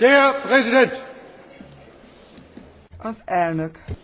Der Präsident! Az elnök.